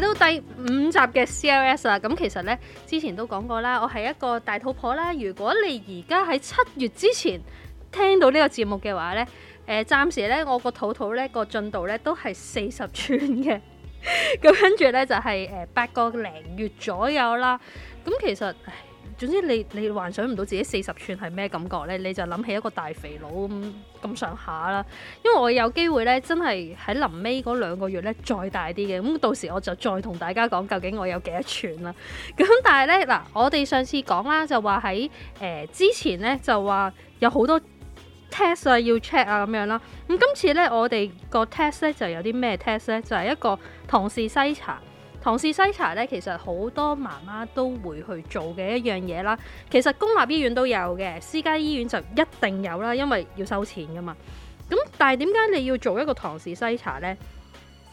到第五集嘅 CLS 啦，咁其實呢，之前都講過啦，我係一個大肚婆啦。如果你而家喺七月之前聽到呢個節目嘅話呢，誒、呃、暫時呢，我個肚肚呢個進度呢都係四十吋嘅，咁 跟住呢，就係誒八個零月左右啦。咁其實～總之你，你你幻想唔到自己四十寸係咩感覺咧，你就諗起一個大肥佬咁咁上下啦。因為我有機會咧，真係喺臨尾嗰兩個月咧再大啲嘅，咁、嗯、到時我就再同大家講究竟我有幾多寸啦。咁、嗯、但係咧嗱，我哋上次講啦，就話喺誒之前咧就話有好多 test 啊要 check 啊咁樣啦。咁、嗯、今次咧我哋個 test 咧就有啲咩 test 咧就係、是、一個唐氏篩查。唐氏篩查咧，其實好多媽媽都會去做嘅一樣嘢啦。其實公立醫院都有嘅，私家醫院就一定有啦，因為要收錢㗎嘛。咁但係點解你要做一個唐氏篩查呢？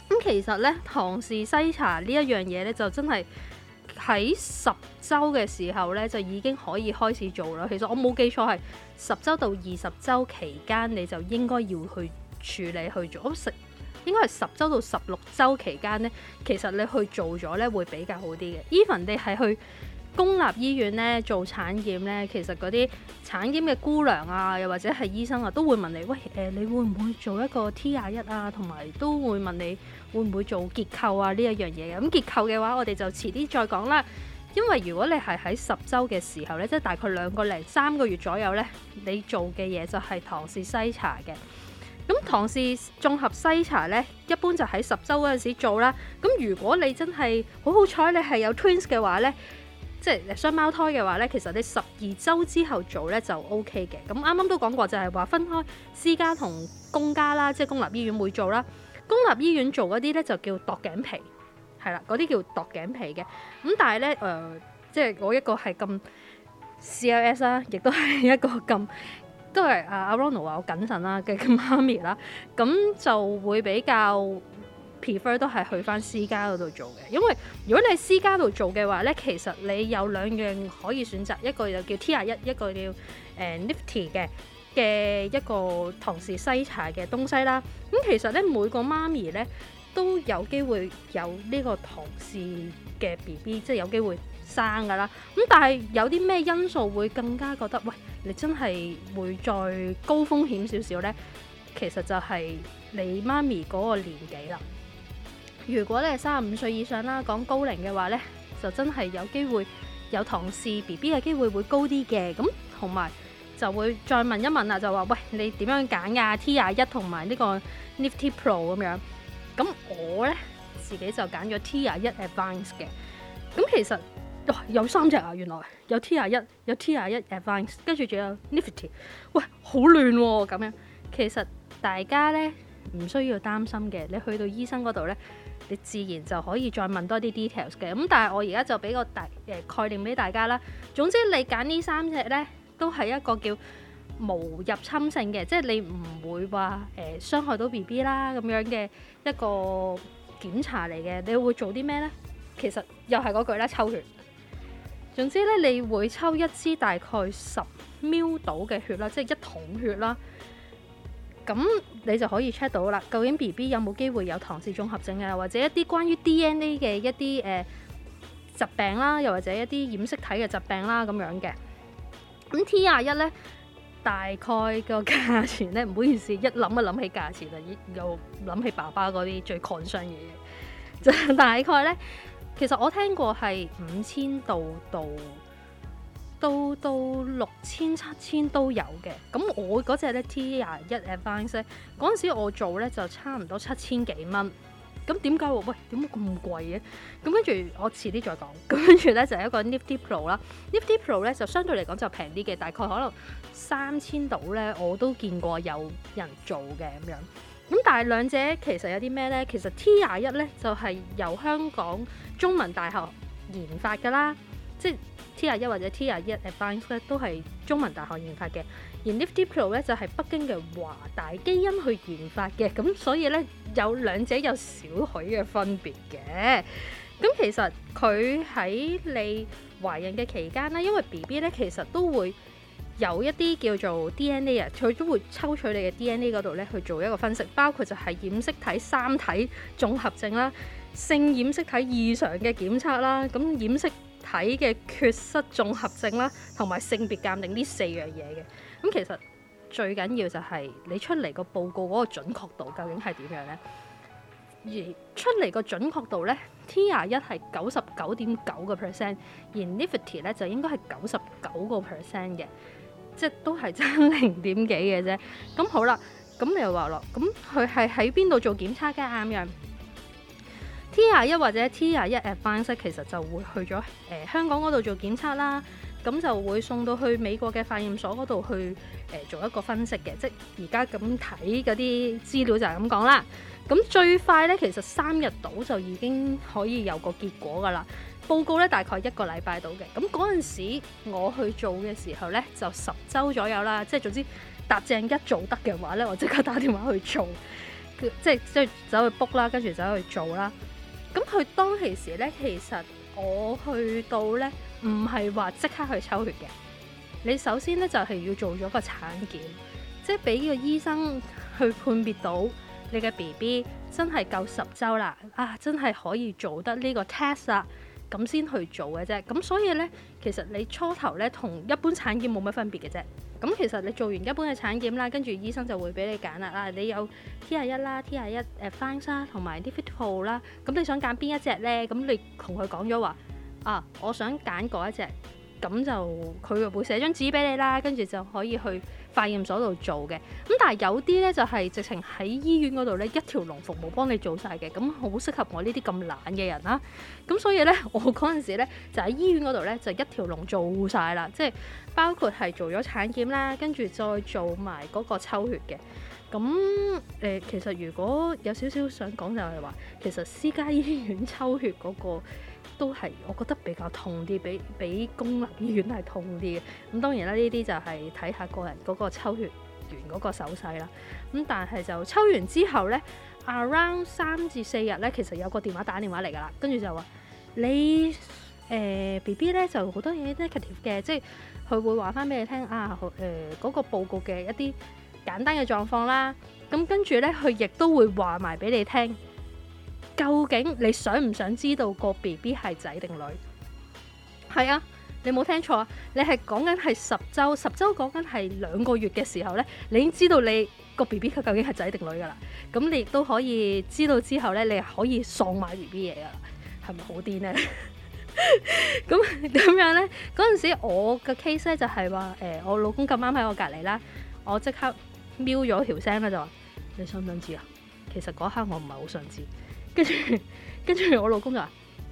咁其實咧，唐氏篩查呢一樣嘢咧，就真係喺十週嘅時候咧，就已經可以開始做啦。其實我冇記錯係十週到二十週期間，你就應該要去處理去做。應該係十週到十六週期間呢，其實你去做咗呢會比較好啲嘅。Even 你係去公立醫院呢做產檢呢，其實嗰啲產檢嘅姑娘啊，又或者係醫生啊，都會問你，喂，誒、呃、你會唔會做一個 T21 啊，同埋都會問你會唔會做結構啊呢一樣嘢嘅。咁結構嘅話，我哋就遲啲再講啦。因為如果你係喺十週嘅時候呢，即係大概兩個零三個月左右呢，你做嘅嘢就係唐氏篩查嘅。咁唐氏綜合篩查咧，一般就喺十週嗰陣時做啦。咁如果你真係好好彩，你係有 twins 嘅話咧，即係雙胞胎嘅話咧，其實你十二週之後做咧就 OK 嘅。咁啱啱都講過就係、是、話分開私家同公家啦，即係公立醫院會做啦。公立醫院做嗰啲咧就叫度頸皮，係啦，嗰啲叫度頸皮嘅。咁但係咧，誒、呃，即、就、係、是、我一個係咁 CLS 啦，亦都係一個咁。都係阿阿、啊、Ronald 話我謹慎啦，嘅媽咪啦，咁就會比較 prefer 都係去返私家嗰度做嘅，因為如果你喺私家度做嘅話咧，其實你有兩樣可以選擇，一個就叫 T 廿一，一個叫誒、uh, Nifty 嘅嘅一個唐氏篩查嘅東西啦。咁其實咧，每個媽咪咧都有機會有呢個唐氏嘅 B B，即係有機會。生噶啦，咁但係有啲咩因素會更加覺得，喂，你真係會再高風險少少咧？其實就係你媽咪嗰個年紀啦。如果咧三十五歲以上啦，講高齡嘅話咧，就真係有機會有唐氏 B B 嘅機會會高啲嘅，咁同埋就會再問一問啦，就話喂，你點樣揀噶？T21 同埋呢個 Nifty Pro 咁樣，咁我咧自己就揀咗 T21 Advance 嘅，咁其實。哦、有三隻啊！原來有 T21、有 T21 Advanced 跟住仲有 NIFTY 喂，好亂喎咁樣。其實大家咧唔需要擔心嘅，你去到醫生嗰度咧，你自然就可以再問多啲 details 嘅。咁但係我而家就俾個大誒、呃、概念俾大家啦。總之你揀呢三隻咧，都係一個叫無入侵性嘅，即係你唔會話誒傷害到 B B 啦咁樣嘅一個檢查嚟嘅。你會做啲咩咧？其實又係嗰句啦，抽血。總之咧，你會抽一支大概十 ml 到嘅血啦，即係一桶血啦。咁你就可以 check 到啦，究竟 B B 有冇機會有唐氏綜合症啊，或者一啲關於 D N A 嘅一啲誒、呃、疾病啦，又或者一啲染色體嘅疾病啦，咁樣嘅。咁 T 廿一呢，大概個價錢呢？唔好意思，一諗一諗起價錢就又諗起爸爸嗰啲最恐懼嘅嘢，就 大概呢。其實我聽過係五千度到到到六千七千都有嘅，咁我嗰隻咧 T 二十一 Advanced 嗰陣時我做咧就差唔多七千幾蚊，咁點解喎？喂，點解咁貴嘅？咁跟住我遲啲再講，咁跟住咧就係、是、一個 Nifty Pro 啦，Nifty Pro 咧就相對嚟講就平啲嘅，大概可能三千度咧我都見過有人做嘅咁樣。咁但係兩者其實有啲咩咧？其實 T 廿一咧就係、是、由香港中文大學研發噶啦，即係 T 廿一或者 T 廿一 Advance 咧都係中文大學研發嘅，而 Nifty Pro 咧就係、是、北京嘅華大基因去研發嘅，咁所以咧有兩者有少許嘅分別嘅。咁其實佢喺你懷孕嘅期間咧，因為 B B 咧其實都會。有一啲叫做 D N A 啊，佢都會抽取你嘅 D N A 嗰度咧去做一個分析，包括就係染色體三體綜合症啦、性染色體異常嘅檢測啦、咁染色體嘅缺失綜合症啦，同埋性別鑑定呢四樣嘢嘅。咁其實最緊要就係你出嚟個報告嗰個準確度究竟係點樣呢？而出嚟個準確度呢，T R 一係九十九點九個 percent，而 Nifty 咧就應該係九十九個 percent 嘅。即都係爭零點幾嘅啫，咁好啦，咁你又話咯，咁佢係喺邊度做檢測嘅？啱咁樣 t i 一或者 t i 一 a p 其實就會去咗誒、呃、香港嗰度做檢測啦，咁就會送到去美國嘅化驗所嗰度去誒、呃、做一個分析嘅，即而家咁睇嗰啲資料就係咁講啦。咁最快咧，其實三日到就已經可以有個結果噶啦。報告咧，大概一個禮拜到嘅。咁嗰陣時，我去做嘅時候咧，就十周左右啦。即係總之，踏正一做得嘅話咧，我即刻打電話去做，即係即係走去 book 啦，跟住走去做啦。咁佢當其時咧，其實我去到咧，唔係話即刻去抽血嘅。你首先咧就係、是、要做咗個產檢，即係俾呢個醫生去判別到你嘅 BB 真係夠十周啦，啊，真係可以做得呢個 test 啦。咁先去做嘅啫，咁所以呢，其實你初頭呢，同一般產檢冇乜分別嘅啫。咁其實你做完一般嘅產檢啦，跟住醫生就會俾你揀啦。啊，你有 T 廿一啦、T 廿一誒 Finsa 同埋 The Fit Pro 啦，咁你想揀邊一隻呢？咁你同佢講咗話啊，我想揀嗰一隻。咁就佢會寫張紙俾你啦，跟住就可以去化驗所度做嘅。咁但係有啲呢，就係、是、直情喺醫院嗰度呢，一條龍服務幫你做晒嘅。咁好適合我呢啲咁懶嘅人啦、啊。咁所以呢，我嗰陣時呢就喺醫院嗰度呢，就一條龍做晒啦，即係包括係做咗產檢啦，跟住再做埋嗰個抽血嘅。咁誒、呃，其實如果有少少想講就係話，其實私家醫院抽血嗰、那個。都係，我覺得比較痛啲，比比公立醫院係痛啲嘅。咁當然啦，呢啲就係睇下個人嗰個抽血員嗰個手勢啦。咁但係就抽完之後咧，around 三至四日咧，其實有個電話打電話嚟㗎啦，跟住就話你誒 B B 咧就好多嘢 negative 嘅，即係佢會話返俾你聽啊誒嗰個報告嘅一啲簡單嘅狀況啦。咁跟住咧，佢亦都會話埋俾你聽。究竟你想唔想知道個 B B 係仔定女？係啊，你冇聽錯啊，你係講緊係十周，十周講緊係兩個月嘅時候咧，你已經知道你個 B B 佢究竟係仔定女噶啦。咁你亦都可以知道之後咧，你可以喪買 B B 嘢噶啦，係咪好癲咧？咁 咁樣咧，嗰陣時我嘅 case 咧就係話誒，我老公咁啱喺我隔籬啦，我即刻瞄咗條聲咧就話：你想唔想知啊？其實嗰刻我唔係好想知。跟住，跟住我老公就話：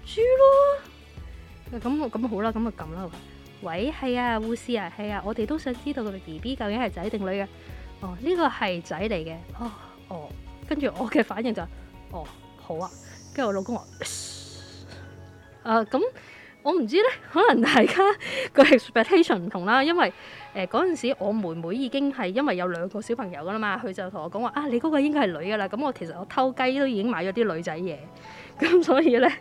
豬咯，咁、啊、咁好啦，咁就咁啦。喂，係啊，護士啊，係啊，我哋都想知道個 B B 究竟係仔定女嘅。哦，呢、這個係仔嚟嘅。哦，哦，跟住我嘅反應就是，哦，好啊。跟住我老公話：誒，咁、啊。我唔知咧，可能大家個 expectation 唔同啦，因為誒嗰陣時我妹妹已經係因為有兩個小朋友噶啦嘛，佢就同我講話啊，你嗰個應該係女噶啦，咁我其實我偷雞都已經買咗啲女仔嘢，咁所以咧，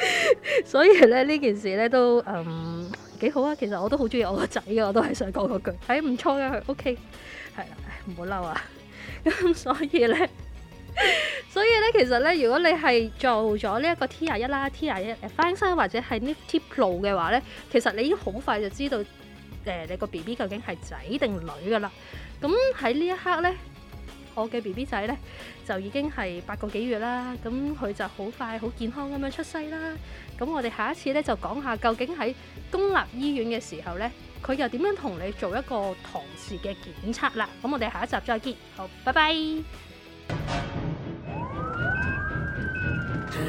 所以咧呢件事咧都嗯幾好啊，其實我都好中意我個仔噶，我都係想講嗰句，係唔錯佢，OK，係啦，唔好嬲啊，咁所以咧。 所以咧，其實咧，如果你係做咗呢一個 T21 啦、T21 翻生，生或者係 NIFTY Pro 嘅話咧，其實你已經好快就知道誒、呃、你個 B B 究竟係仔定女噶啦。咁喺呢一刻咧，我嘅 B B 仔咧就已經係八個幾月啦。咁佢就好快好健康咁樣出世啦。咁我哋下一次咧就講下究竟喺公立醫院嘅時候咧，佢又點樣同你做一個唐氏嘅檢測啦。咁我哋下一集再見。好，拜拜。